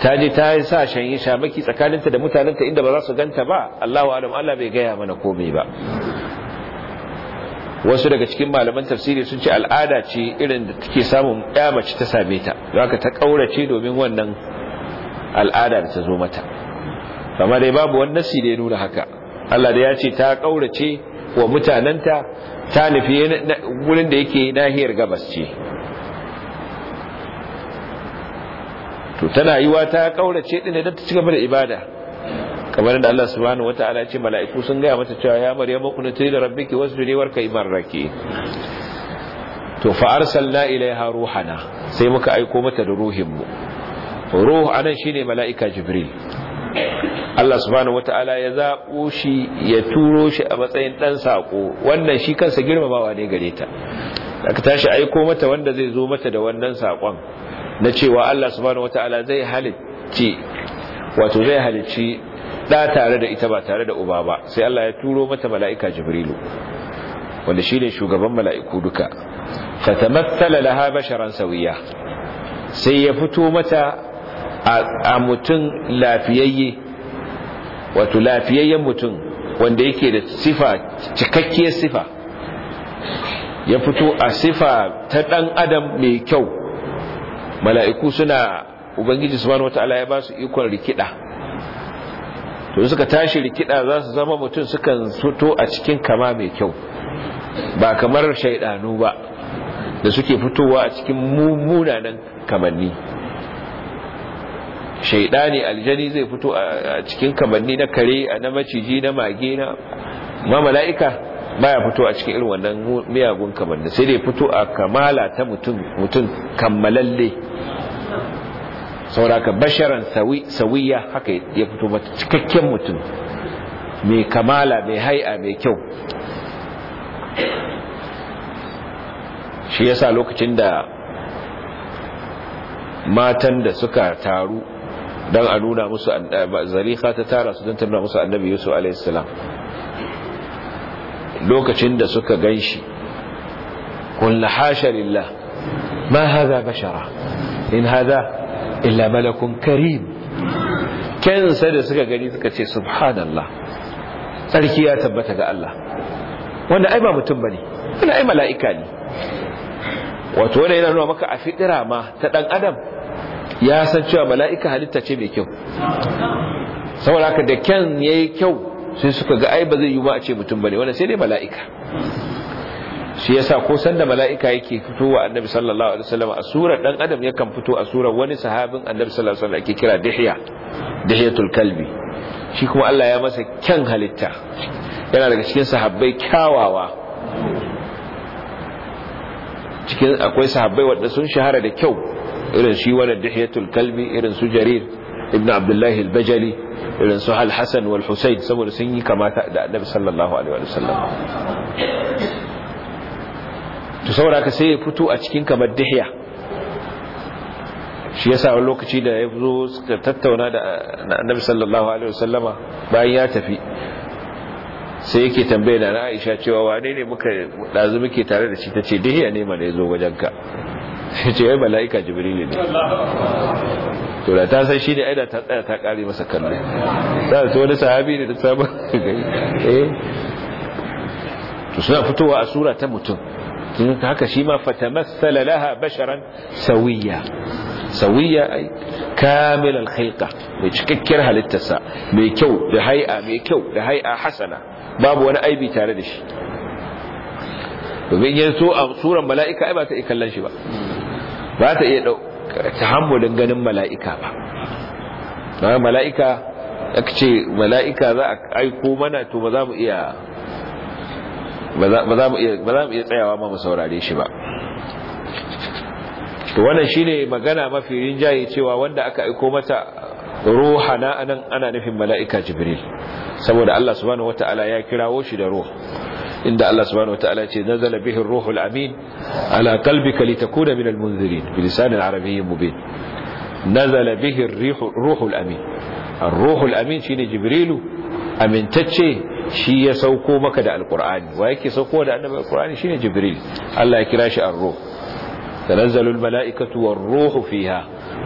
ta je ta yi sa shanyi shamaki tsakaninta da mutanenta inda ba za su ganta ba Allahu alam Allah bai gaya mana komai ba wasu daga cikin malaman tafsiri sun ce al'ada ce irin da take samun ya mace ta same ta haka ta kaurace domin wannan al'ada da ta zo mata amma dai babu wani nasi da ya nuna haka Allah da ya ce ta kaurace wa mutananta ta nufi wurin da yake nahiyar gabas ce to tana yiwa ta kaurace din da ta ci gaba da ibada kamar da Allah subhanahu wataala ce mala'iku sun gaya mata cewa ya na kunuti da rabbiki wasjudi warka imarraki to fa arsalna ilaiha ruhana sai muka aiko mata da ruhin mu ruhu anan shine mala'ika jibril Allah subhanahu wata'ala ya zaɓo shi ya turo shi a matsayin ɗan sako wannan shi kansa girmamawa ne gare ta aka tashi aiko mata wanda zai zo mata da wannan saƙon na cewa Allah subhanahu wata'ala zai halicci wato zai halicci ɗa tare da ita ba tare da uba ba sai Allah ya turo mata mala'ika jibrilu wanda shi ne shugaban mala'iku duka fatamattala laha basharan sawiya sai ya fito mata a mutum lafiyayye wato lafiyayyen mutum wanda yake da sifa cikakkiyar sifa ya fito a sifa ta ɗan adam mai kyau mala'iku suna ubangiji subhanahu wataala ya ba su ikon rikida to suka tashi rikida za su zama mutum sukan fito a cikin kama mai kyau ba kamar shaidanu ba da suke fitowa a cikin munanan kamanni shaidani aljani zai fito a cikin kamanni na kare na maciji na mage na ma mala'ika baya fito a cikin irin wannan miyagun kamanni sai dai fito a kamala ta mutum mutum kammalalle sauraka basharan sawiya haka ya fito mata cikakken mutum mai kamala mai hai'a mai kyau shi yasa lokacin da matan da suka taru don a nuna musu eh, zalika ta tara su don ta nuna musu annabi yusuf alaihissalam lokacin da suka gan shi kulla hasharillah ma haza bashara in haza illa malakun karim kensa da suka gani suka ce subhanallah tsarki ya tabbata ga Allah wanda ai ba mutum bane wanda ai mala'ika ne wato wanda yana nuna maka a fitira ma ta dan adam ya san cewa mala'ika halitta ce mai kyau saboda haka da kyan yayi kyau sai suka ga ai ba zai yi ba a ce mutum bane wannan sai dai mala'ika shi yasa ko sanda mala'ika yake fitowa annabi sallallahu alaihi wasallam a sura dan adam yakan fito a sura wani sahabin annabi sallallahu alaihi wasallam ake kira dihya dihiyatul kalbi shi kuma Allah ya masa kyan halitta yana daga cikin sahabbai kyawawa cikin akwai sahabbai wanda sun shahara da kyau irin shi wani dihiyatul kalbi irin su jarir ibn abdullahi al-bajali irin su al-hasan wal husayn saboda sun yi kamata da annabi sallallahu alaihi wa sallam to saboda ka sai ya fito a cikin kamar dihiya shi yasa wani lokaci da ya zo suka tattauna da annabi sallallahu alaihi wa sallama bayan ya tafi sai yake tambaya da Aisha cewa wane ne muka dazu muke tare da shi tace dihiya ne ya zo wajen wajenka ya ce mala'ika jibril ne to da ta san shi ne aida ta tsaya ta kare masa kallo da ta wani sahabi ne da sabon eh to suna fitowa a sura ta mutum hmm, haka shi ma fatamassala laha basharan sawiya sawiya ai kamil alkhaiqa mai cikakkiyar halittarsa mai kyau da hai'a mai kyau da hai'a hasana babu wani aibi tare da shi domin yin so a suran mala'ika ai ba ta iya kallon shi ba ba ta iya ta tahammulin ganin mala'ika ba na mala'ika aka ce mala'ika za a aiko mana to ba za mu iya tsayawa ma mu saurare shi ba to wannan shine magana mafi rinjaye cewa wanda aka aiko mata ruhana anan ana nufin mala'ika jibril saboda Allah subhanahu wataala ya kirawo shi da ruwa. inda Allah subhanahu wataala ce nazala bihi ruhul amin ala qalbika litakuna minal munzirin bi lisanin arabiyyin mubin nazala bihi ruhul amin ar-ruhul amin shine jibrilu amintacce shi ya sauko maka da alqur'ani wa yake sauko da annabi alqur'ani shine jibril Allah ya kira shi ar-ruh tanazzalu al-mala'ikatu war-ruhu fiha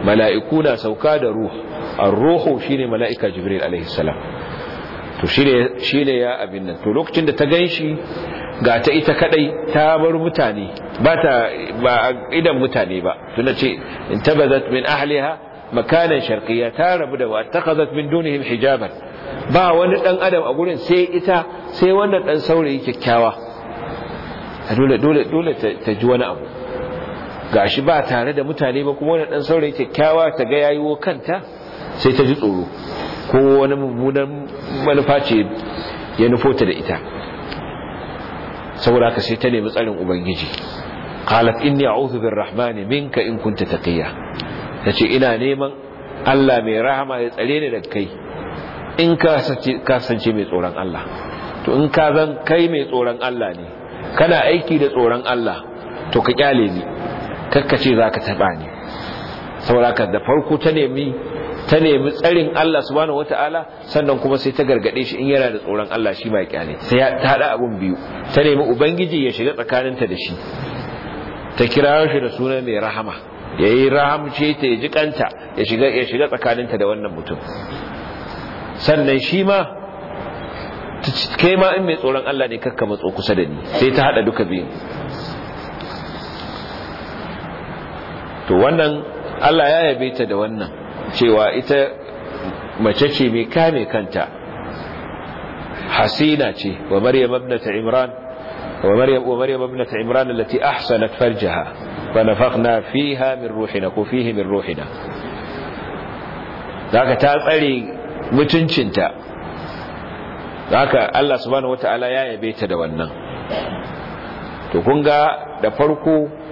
mala'iku na sauka da ruhu ar-ruhu shine mala'ika jibril alaihi salam to shi ne ya abin nan to lokacin da ta gan shi ga ta ita kadai ta bar mutane ba ta ba idan mutane ba tunda ce in tabazat min ahliha makanan sharqiyya ta rabu da wa takhazat min dunihim hijaban ba wani dan adam a gurin sai ita sai wannan dan saurayi kyakkyawa dole dole dole ta ji wani abu gashi ba tare da mutane ba kuma wannan dan saurayi kyakkyawa ta ga yayiwo kanta sai ta ji tsoro ko wani mummunan manufa ce ya nufo ta da ita saboda haka sai ta nemi tsarin ubangiji qalat inni a'udhu birrahmani minka in kunta taqiya tace ina neman Allah mai rahama ya tsare ni daga kai in ka sance mai tsoron Allah to in ka zan kai mai tsoron Allah ne kana aiki da tsoron Allah to ka kyale ni kakkace zaka taba ni saboda haka da farko ta nemi ta nemi tsarin Allah subhanahu wataala sannan kuma sai ta gargade shi in yana da tsoron Allah shi mai kyale sai ta hada abun biyu ta nemi ubangiji ya shiga tsakaninta da shi ta kira shi da suna mai rahama yayi rahamce ta ya ji ya shiga ya shiga tsakaninta da wannan mutum sannan shi ma kai ma in mai tsoron Allah ne kakka matso kusa da ni sai ta hada duka biyu to wannan Allah ya yabe ta da wannan cewa ita mace ce mai kame kanta hasina ce wa maryam ibnata imran wa maryam wa maryam ibnata imran allati ahsanat farjaha fa nafakhna fiha min ruhina ko fihi min ruhina zaka ta tsare mutuncinta ka Allah subhanahu wataala ya yabe ta da wannan to kun ga da farko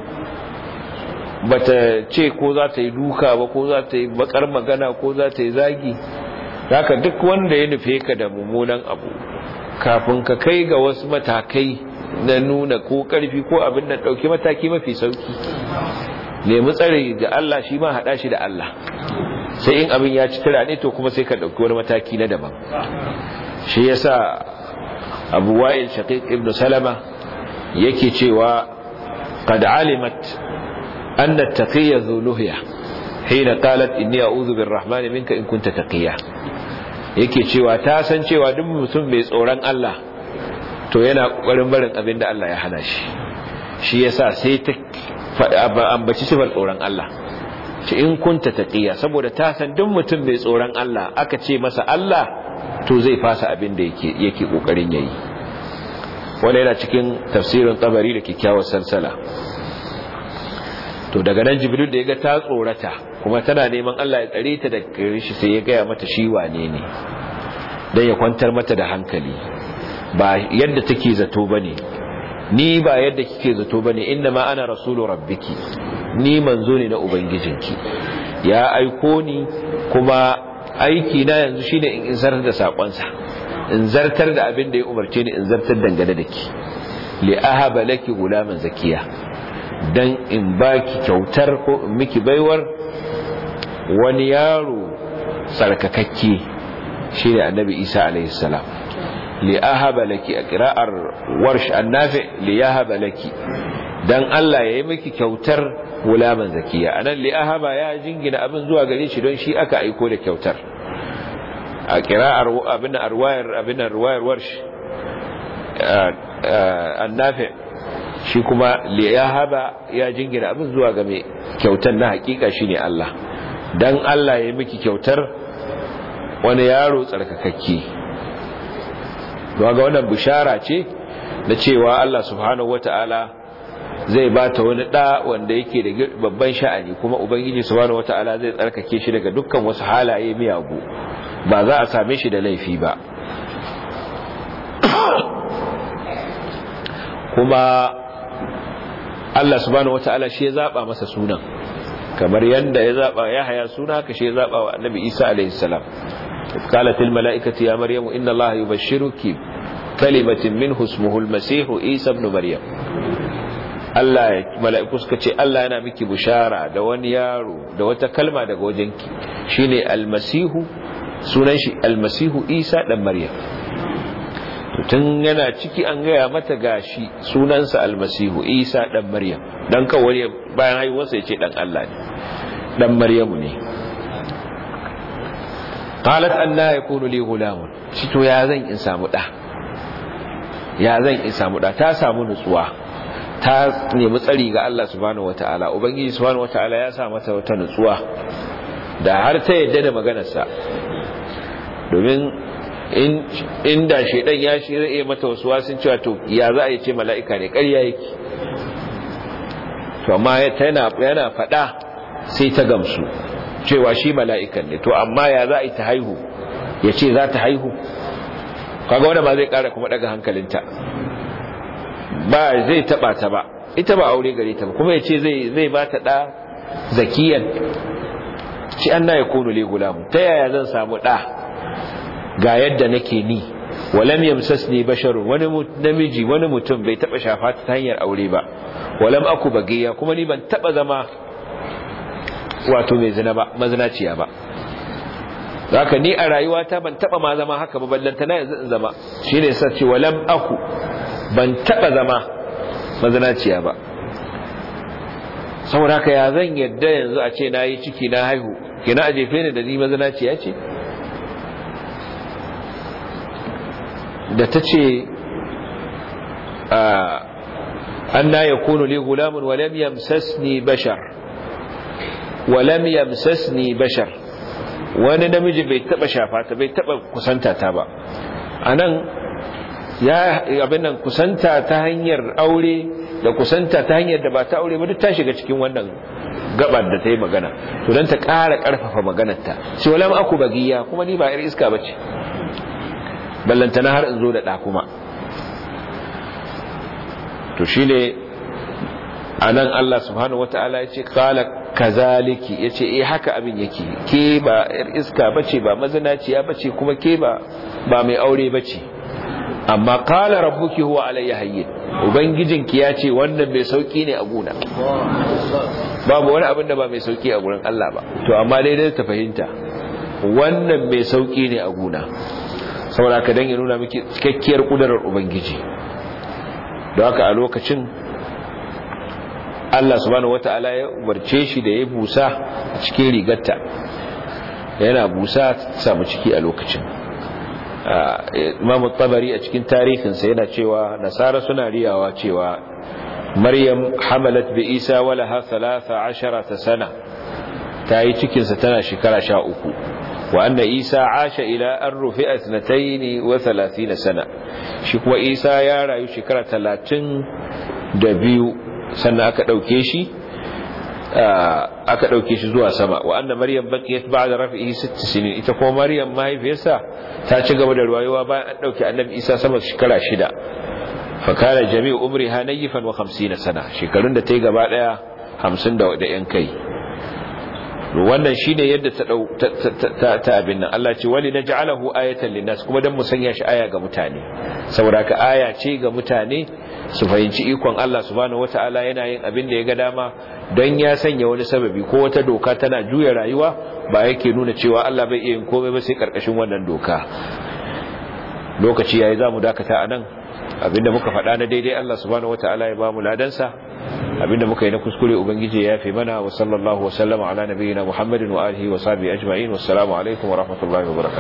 bata ce ko za ta yi duka ba ko za ta yi bakar magana ko za ta yi zagi haka duk wanda ya nufe ka da mummunan abu kafin ka kai ga wasu matakai na nuna ko karfi ko abin da dauki mataki mafi sauki nemi tsare da Allah shi ma hada shi da Allah sai in abin ya ci tura ne to kuma sai ka dauki wani mataki na daban shi yasa Abu Wa'il Shaqiq ibn Salama yake cewa qad alimat أن التقي ذو لهية حين قالت إني أعوذ بالرحمن منك إن كنت تقيا yake cewa ta san cewa duk mutum mai tsoron Allah to yana ƙoƙarin barin abin da Allah ya hana shi shi yasa sai ta ambaci sifar tsoron Allah ce in kunta taqiya saboda ta san duk mutum mai tsoron Allah aka ce masa Allah to zai fasa abin da yake ƙoƙarin yayi wanda yana cikin tafsirin tabari da kyakkyawar salsala to daga nan jibril da ya ga ta tsorata kuma tana neman Allah ya tsare ta daga gare shi sai ya gaya mata shi wane ne dan ya kwantar mata da hankali ba yadda take zato bane ni ba yadda kike zato bane inna ma ana rasulu rabbiki ni manzo ne na ubangijinki ya aiko ni kuma aiki na yanzu shine in insar da sakonsa in zartar da abin da ya umarce ni in zartar dangane da ki li ahaba laki gulaman zakiya don in baki kyautar ko in miki baiwar wani yaro tsarkakakke shi ne annabi isa alaihissalam li ahaba laki a kira'ar warsh annafi li ahaba laki dan Allah ya yi miki kyautar gulaman zakiya anan li ahaba ya jingina abin zuwa gare shi don shi aka aiko da kyautar a kira'ar abin arwayar abin arwayar warsh annafi shi kuma ya haba ya jingina abin zuwa ga mai kyautar na hakika shi ne Allah don Allah ya yi miki kyautar wani yaro tsarkakakke to ga wannan bishara ce na cewa Allah subhanahu wa ta'ala zai bata wani ɗa wanda yake da babban sha'ani kuma ubangiji subhanahu wa ta'ala zai tsarkake shi daga dukkan wasu halaye miyagu ba za a same shi da laifi ba kuma Allah subhanahu wataala shi ya zaba masa sunan kamar yanda ya zaba Yahaya suna ka shi ya zaba wa Annabi Isa alaihi salam قالت ya Maryamu, inna إن الله bashiru كلمة منه اسمه husmuhul masihu ابن Maryam. Allah mala'iku suka ce Allah yana miki bushara da wani yaro da wata kalma daga wajenki shine sunan shi almasihu Isa dan Maryam tun yana ciki an gaya mata gashi sunansa almasihu isa dan maryam dan kawai bayan haihuwarsa ya ce dan allah ne dan maryamu ne qalat anna yakunu li gulamun shi to ya zan in samu da ya zan in samu da ta samu nutsuwa ta nemi tsari ga Allah subhanahu wataala ubangiji subhanahu wataala ya sa mata wata nutsuwa da har ta yadda da maganarsa domin inda shaidan ya shirye mata wasu wasu cewa to ya za a yi ce mala'ika ne ƙarya yake to amma yana faɗa sai ta gamsu cewa shi mala'ikan ne to amma ya za a yi ta haihu ya ce za ta haihu kaga wanda ba zai kara kuma daga hankalinta ba zai taba ta ba ita ba aure gare ta ba kuma ya ce zai ba ta ɗa zakiyan ci an na ya kunu le gulamu ta yaya zan samu ɗa ga yadda nake ni walam yamsasni bashar wani namiji wani mutum bai taba shafa ta hanyar aure ba walam aku bagiya kuma ni ban taba zama wato mai zina ba mazinaciya ba zaka ni a rayuwata ban taba ma zama haka ba ballanta na yanzu in zama shine yasa ce walam aku ban taba zama mazinaciya ba saboda haka ya zan yadda yanzu a ce nayi ciki na haihu kina a jefe da ni mazinaciya ce da ta ce an na ya kunu li gulamun walam ni bashar walam ni bashar wani namiji bai taba shafa ta bai taba kusanta ta ba nan ya abin nan kusanta ta hanyar aure da kusanta ta hanyar da ba ta aure ba duk ta shiga cikin wannan gabar da ta yi magana to don ta ƙara ƙarfafa maganarta shi walam aku bagiya kuma ni ba yar iska bace ballantana har in zo da ɗa kuma to shi ne a nan Allah subhanahu wa ta'ala ya ce kala kazaliki ya ce eh haka abin yake ke ba yar iska bace ba mazinaciya bace kuma ke ba mai aure bace amma kala rabbuki huwa alayya hayyin ubangijinki ya ce wannan mai sauki ne a guna babu wani abin da ba mai sauki a gurin Allah ba to amma dai dai ta fahimta wannan mai sauki ne a guna saboda ka dan ya nuna miki cikakkiyar kudarar ubangiji don haka a lokacin Allah subhanahu wata'ala ya umarce shi da ya busa a cikin rigarta yana busa samu ciki a lokacin Imam Tabari a cikin tarihinsa yana cewa nasara suna riyawa cewa Maryam hamalat bi Isa walaha 13 sana ta yi cikinsa tana shekara sha uku وأن إيسى عاش إلى أن رفع اثنتين وثلاثين سنة شكوى إيسى يارا يشكرة ثلاثين دبيو سنة أكدوكيشي aka ɗauke shi zuwa sama wa anna maryam baqiyat ba'da raf'ihi sitt sinin ita kuma maryam mahaifiyarsa ta ci gaba da ruwayuwa bayan an ɗauke annabi isa sama shekara shida fa kana jami'u umriha nayyifan wa 50 sana shekarun da ta yi gaba da kai wannan shine yadda ta dau ta abin nan Allah ce wali naj'alahu ayatan linnas kuma dan mu sanya shi aya ga mutane saboda ka aya ce ga mutane su fahimci ikon Allah subhanahu wataala yana yin abin da ya ga dama don ya sanya wani sababi ko wata doka tana juya rayuwa ba yake nuna cewa Allah bai iya yin komai ba sai karkashin wannan doka lokaci yayi zamu dakata anan abinda muka faɗa na daidai Allah subhanahu wataala ya bamu ladansa abinda muka yi na kuskure ubangiji ya yafe mana wa sallallahu wa sallama ala nabiyyina muhammadin wa alihi wa sahbihi ajma'in wassalamu alaikum wa rahmatullahi wa barakatuh